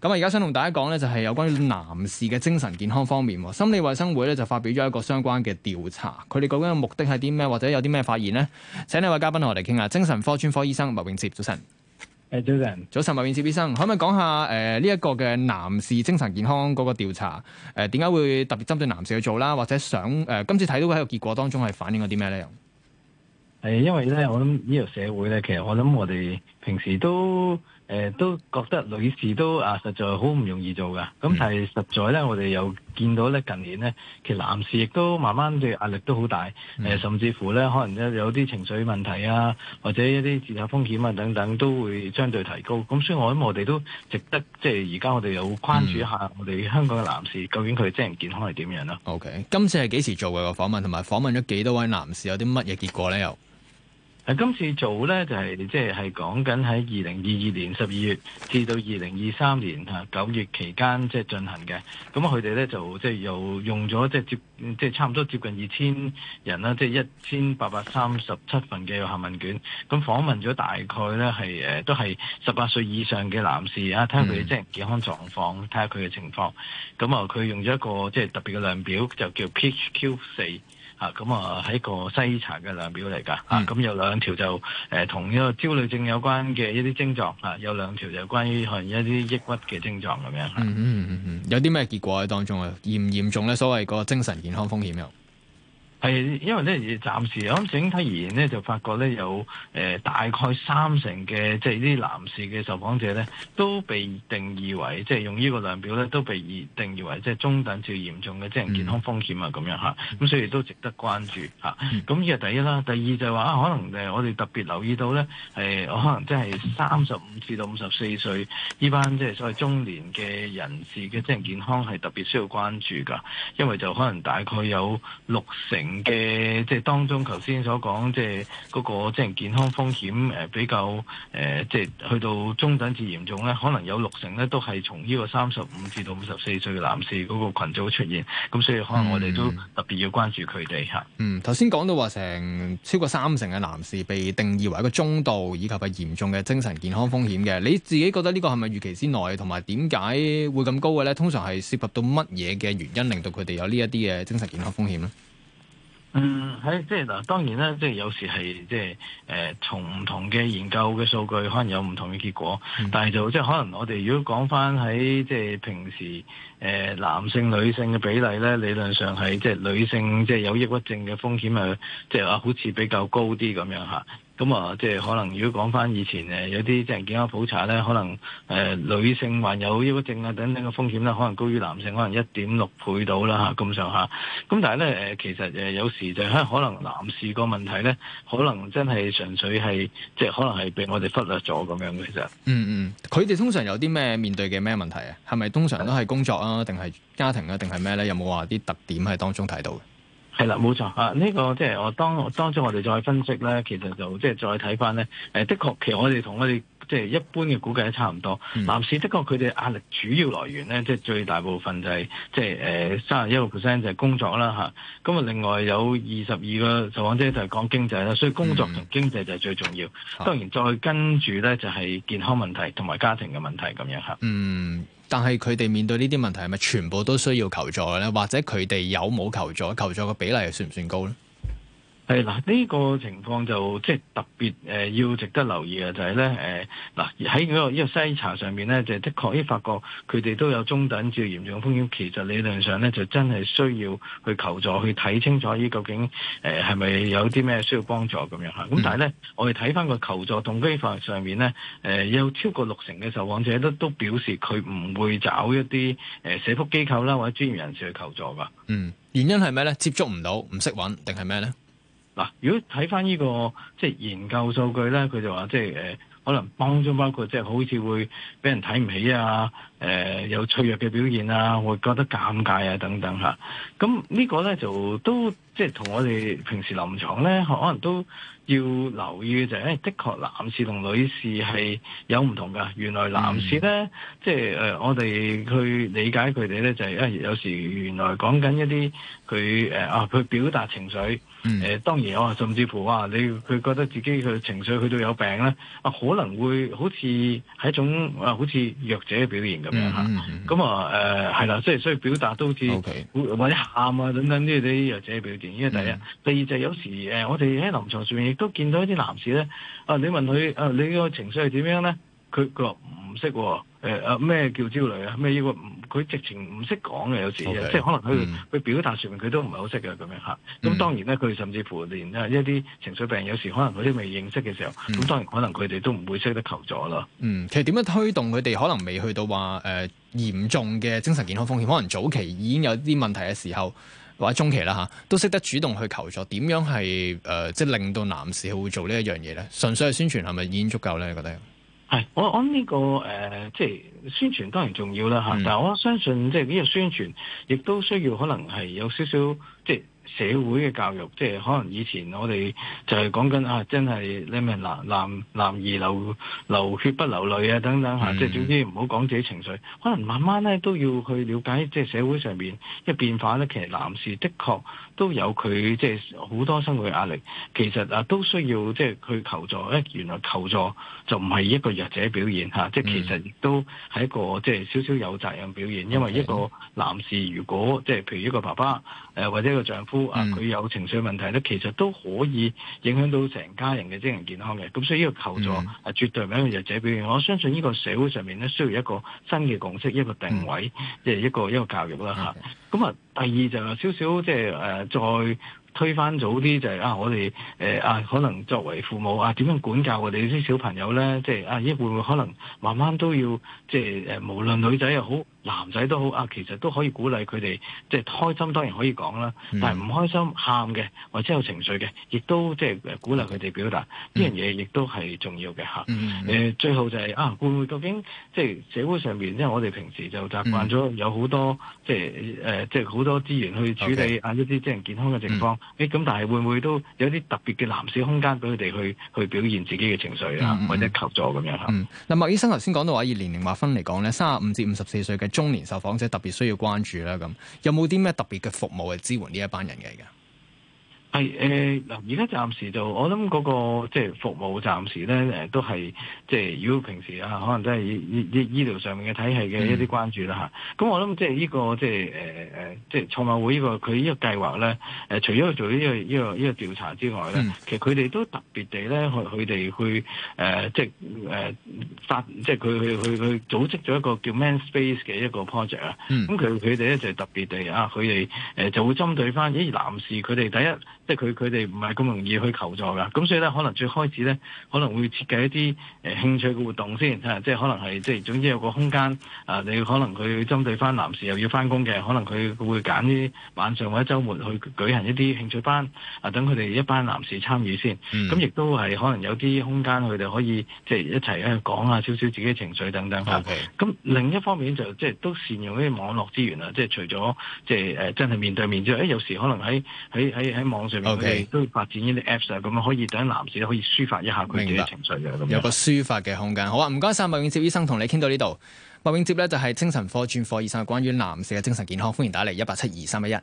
咁啊，而家想同大家講咧，就係有關於男士嘅精神健康方面，心理衛生會咧就發表咗一個相關嘅調查。佢哋究竟嘅目的係啲咩，或者有啲咩發現呢？請呢位嘉賓同我哋傾下。精神科專科醫生麥永接，早晨。誒，早晨。早晨，麥永接醫生，可唔可以講下誒呢一個嘅男士精神健康嗰個調查？誒、呃，點解會特別針對男士去做啦？或者想誒、呃、今次睇到喺個結果當中係反映咗啲咩咧？誒，因為咧，我諗呢個社會咧，其實我諗我哋平時都。誒、呃、都覺得女士都啊，實在好唔容易做噶。咁但係實在咧，我哋又見到咧近年咧，其實男士亦都慢慢嘅壓力都好大、嗯呃。甚至乎咧，可能咧有啲情緒問題啊，或者一啲自殺風險啊等等，都會相對提高。咁所以我諗我哋都值得即係而家我哋有關注一下，我哋香港嘅男士、嗯、究竟佢精神健康係點樣啦？OK，今次係幾時做嘅訪、這個、問？同埋訪問咗幾多位男士有啲乜嘢結果咧？又？今次做呢，就係即係係講緊喺二零二二年十二月至到二零二三年啊九月期間即係、就是、進行嘅。咁佢哋呢，就即係、就是、又用咗即係接即係、嗯就是、差唔多接近二千人啦，即係一千八百三十七份嘅問卷。咁訪問咗大概呢，係都係十八歲以上嘅男士啊，睇下佢哋即係健康狀況，睇下佢嘅情況。咁、嗯、啊，佢用咗一個即係、就是、特別嘅量表，就叫 PHQ 四。啊，咁啊喺個篩查嘅量表嚟噶，咁有兩條就誒同呢個焦慮症有關嘅一啲症狀，有兩條就關於一啲抑鬱嘅症狀咁樣。嗯嗯嗯嗯，有啲咩結果喺當中啊？嚴唔嚴重咧？所謂個精神健康風險又？係，因為咧亦暫時，我諗整體而言咧，就發覺咧有誒、呃、大概三成嘅即係啲男士嘅受訪者咧，都被定義為即係、就是、用呢個量表咧，都被以定義為即係中等至嚴重嘅精神健康風險啊咁樣吓，咁所以都值得關注嚇。咁呢個第一啦，第二就係話啊，可能我哋特別留意到咧，係、哎、可能即係三十五至到五十四歲呢班即係所謂中年嘅人士嘅精神健康係特別需要關注㗎，因為就可能大概有六成。嘅即係當中，頭先所講即係嗰個即係健康風險誒，比較誒，即、呃、係去到中等至嚴重咧，可能有六成咧都係從呢個三十五至到五十四歲嘅男士嗰個群組出現，咁所以可能我哋都特別要關注佢哋吓。嗯，頭先講到話成超過三成嘅男士被定義為一個中度以及係嚴重嘅精神健康風險嘅，你自己覺得呢個係咪預期之內，同埋點解會咁高嘅咧？通常係涉及到乜嘢嘅原因，令到佢哋有呢一啲嘅精神健康風險呢？嗯，即係嗱，當然啦，即係有時係即係誒，從、呃、唔同嘅研究嘅數據可的、嗯，可能有唔同嘅結果。但係就即係可能我哋如果講翻喺即係平時誒、呃，男性女性嘅比例咧，理論上係即係女性即係有抑鬱症嘅風險啊，即係話好似比較高啲咁樣吓。咁啊，即係可能如果講翻以前誒有啲即係健康普查咧，可能誒女性患有抑鬱症啊等等嘅風險咧，可能高於男性，可能一點六倍到啦咁上下。咁但係咧誒其實誒有時就係可能男士個問題咧，可能真係純粹係即係可能係被我哋忽略咗咁樣其實。嗯嗯，佢哋通常有啲咩面對嘅咩問題啊？係咪通常都係工作啊，定係家庭啊，定係咩咧？有冇話啲特點喺當中睇到？係、嗯、啦，冇錯啊！呢、這個即係我當當中，我哋再分析咧，其實就即係再睇翻咧。誒，的確，其實我哋同我哋即係一般嘅估計都差唔多。男、嗯、士的確佢哋壓力主要來源咧，即係最大部分就係即係誒三十一個 percent 就係工作啦嚇。咁啊，另外有二十二個受訪者就係講經濟啦，所以工作同經濟就係最重要。嗯嗯、當然，再跟住咧就係健康問題同埋家庭嘅問題咁樣嗯。但係佢哋面對呢啲問題係咪全部都需要求助嘅咧？或者佢哋有冇求助？求助嘅比例算唔算高咧？係嗱，呢個情況就即特別誒、呃，要值得留意嘅就係咧誒，嗱喺個呢個篩查上面咧，就的確發覺，佢哋都有中等至嚴重風險。其實理論上咧，就真係需要去求助，去睇清楚呢，究竟誒係咪有啲咩需要幫助咁樣嚇。咁但係咧，我哋睇翻個求助動機法上面咧，誒、呃、有超過六成嘅受訪者都都表示佢唔會找一啲誒社福機構啦，或者專業人士去求助噶。嗯，原因係咩咧？接觸唔到，唔識揾定係咩咧？嗱，如果睇翻呢個即係、就是、研究數據咧，佢就話：即係誒，可能幫中包括即係、就是、好似會俾人睇唔起啊。誒、呃、有脆弱嘅表現啊，會覺得尷尬啊等等咁、啊、呢個咧就都即係同我哋平時臨床咧，可能都要留意嘅就係、是哎，的確男士同女士係有唔同㗎。原來男士咧、嗯，即係誒、呃、我哋去理解佢哋咧，就係、是、誒、呃、有時原來講緊一啲佢誒啊佢表達情緒，誒、嗯呃、當然我、哦、甚至乎話你佢覺得自己嘅情緒去到有病咧，啊可能會好似係一種啊好似弱者嘅表現㗎。咁、嗯、啊、嗯，誒係啦，即係所以表達都好似、okay. 或者喊啊，等等呢啲或者表現，因為第一、嗯，第二就有時誒、呃、我哋喺臨床上面亦都見到一啲男士咧，啊、呃，你問佢，啊、呃，你個情緒係點樣咧？佢佢話唔識喎，咩叫焦慮啊？咩呢個佢直情唔識講嘅，有、okay, 時即係可能佢佢、嗯、表達説明佢都唔係好識嘅咁樣吓，咁當然咧，佢、嗯、甚至乎連一啲情緒病，有時可能佢都未認識嘅時候，咁、嗯、當然可能佢哋都唔會識得求助咯。嗯，其實點樣推動佢哋可能未去到話嚴、呃、重嘅精神健康風險，可能早期已經有啲問題嘅時候，或者中期啦吓，都識得主動去求助。點樣係、呃、即係令到男士會做呢一樣嘢咧？純粹係宣傳係咪已經足夠咧？你覺得？係，我按呢、呢個誒、呃，即係宣傳當然重要啦嚇、嗯、但我相信即係呢個宣傳亦都需要可能係有少少即係。社會嘅教育，即係可能以前我哋就係講緊啊，真係你咪男男男兒流流血不流淚啊，等等啊，即係總之唔好講自己情緒。可能慢慢咧都要去了解，即係社會上面一變化咧，其實男士的確都有佢即係好多生活嘅壓力，其實啊都需要即係去求助。誒、原來求助就唔係一個弱者表現，啊、即係其實亦都係一個即係少少有責任表現，okay. 因為一個男士如果即係譬如一個爸爸、呃、或者一個丈夫。佢、嗯啊、有情緒問題咧，其實都可以影響到成家人嘅精神健康嘅。咁所以呢個求助係、嗯啊、絕對唔係一個弱者表現。我相信呢個社會上面咧需要一個新嘅共識，一個定位，嗯、即係一個一個教育啦嚇。咁、嗯、啊、嗯，第二就係少少即係誒再。推翻早啲就係、是、啊！我哋誒啊，可能作為父母啊，點樣管教我哋啲小朋友咧？即、就、係、是、啊，依會唔會可能慢慢都要即係誒，無論女仔又好，男仔都好啊，其實都可以鼓勵佢哋即係開心，當然可以講啦。但係唔開心、喊嘅，或者有情緒嘅，亦都即係、就是、鼓勵佢哋表達呢樣嘢，亦、嗯、都係重要嘅、嗯呃、最後就係、是、啊，會唔會究竟即係社會上面，即、就、係、是、我哋平時就習慣咗有好多即係即係好多資源去處理、okay. 啊一啲即係健康嘅情況。嗯誒，咁但係會唔會都有啲特別嘅男士空間俾佢哋去去表現自己嘅情緒啊，嗯嗯嗯或者求助咁樣嚇？嗯，嗱，麥醫生頭先講到話，以年齡劃分嚟講咧，三十五至五十四歲嘅中年受訪者特別需要關注啦。咁有冇啲咩特別嘅服務去支援呢一班人嘅嘅係誒嗱，而、呃、家暫時就我諗嗰、那個即係服務暫時咧誒，都係即係如果平時啊，可能都係醫醫醫療上面嘅體系嘅一啲關注啦吓，咁、嗯啊、我諗即係呢個即係誒誒，即係、這個呃、創貿會呢、這個佢呢個計劃咧誒、呃，除咗做呢、這個呢、這個呢、這個調查之外咧、嗯，其實佢哋都特別地咧，佢佢哋去誒、呃、即係誒、呃、發，即係佢去去去組織咗一個叫 Man Space 嘅一個 project 啊、嗯。咁佢佢哋咧就特別地啊，佢哋誒就會針對翻咦，男士，佢哋第一。即係佢佢哋唔係咁容易去求助㗎，咁所以咧可能最開始咧可能會設計一啲誒、呃、興趣嘅活動先嚇、啊，即係可能係即係總之有個空間啊，你可能佢針對返男士又要返工嘅，可能佢會揀啲晚上或者週末去舉行一啲興趣班啊，等佢哋一班男士參與先。咁、嗯、亦、啊、都係可能有啲空間，佢哋可以即係一齊咧講下少少自己情緒等等咁、Okay. 啊、另一方面就即係都善用啲網絡資源啦，即係除咗即係誒、呃、真係面對面之外，誒、哎、有時可能喺喺喺喺網上。O、okay. K，都要發展呢啲 apps 啊，咁樣可以等男士可以抒發一下佢哋嘅情緒，有個抒發嘅空間。好啊，唔該晒。麥永接醫生同你傾到呢度，麥永接咧就係、是、精神科專科醫生，關於男士嘅精神健康，歡迎打嚟一八七二三一一。172, 3,